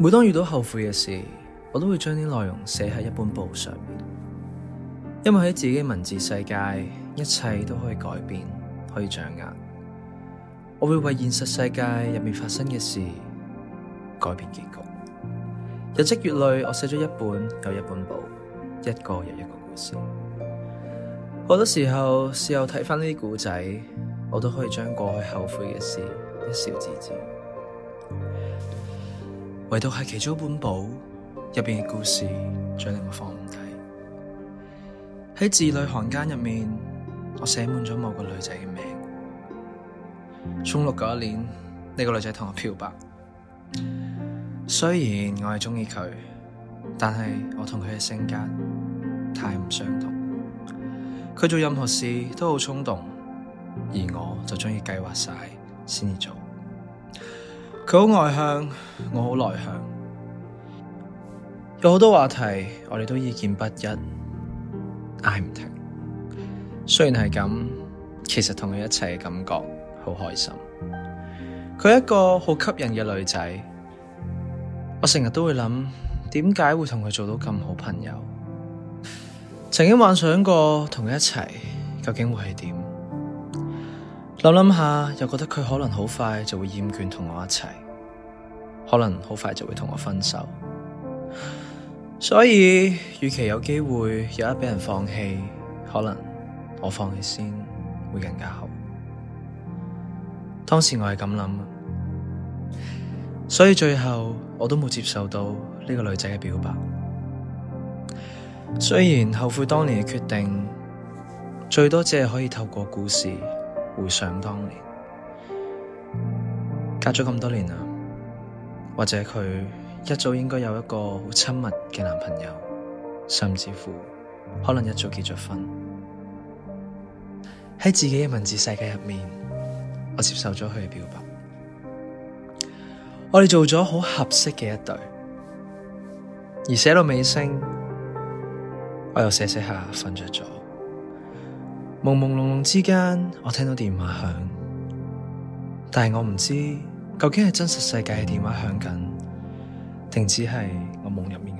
每當遇到後悔嘅事，我都會將啲內容寫喺一本簿上面，因為喺自己的文字世界，一切都可以改變，可以掌握。我會為現實世界入面發生嘅事改變結局。日積月累，我寫咗一本又一本簿，一個又一個故事。好多時候，時候看這些事後睇返呢啲故仔，我都可以將過去後悔嘅事一笑置之。唯獨係其中一本簿入面嘅故事，最令我放唔低。喺字裡行間入面，我寫滿咗某個女仔嘅名。中六嗰年，呢、這個女仔同我表白。雖然我係中意佢，但係我同佢嘅性格太唔相同。佢做任何事都好衝動，而我就中意計劃晒先至做。佢好外向，我好內向，有好多話題我哋都意見不一，嗌唔停。雖然係咁，其實同佢一齊嘅感覺好開心。佢係一個好吸引嘅女仔，我成日都會諗，點解會同佢做到咁好朋友？曾經幻想過同佢一齊，究竟會係點？諗諗下，又覺得佢可能好快就會厭倦同我一齊，可能好快就會同我分手。所以，與其有機會有一俾人放棄，可能我放棄先會更加好。當時我係咁諗，所以最後我都冇接受到呢個女仔嘅表白。雖然後悔當年嘅決定，最多只係可以透過故事。回想當年，隔咗咁多年啦，或者佢一早應該有一個好親密嘅男朋友，甚至乎可能一早結咗婚。喺自己嘅文字世界入面，我接受咗佢嘅表白，我哋做咗好合適嘅一對，而寫到尾聲，我又寫寫下瞓着咗。朦朦朧朧之間，我聽到電話響，但係我唔知究竟係真實世界嘅電話響緊，定只係我夢入面。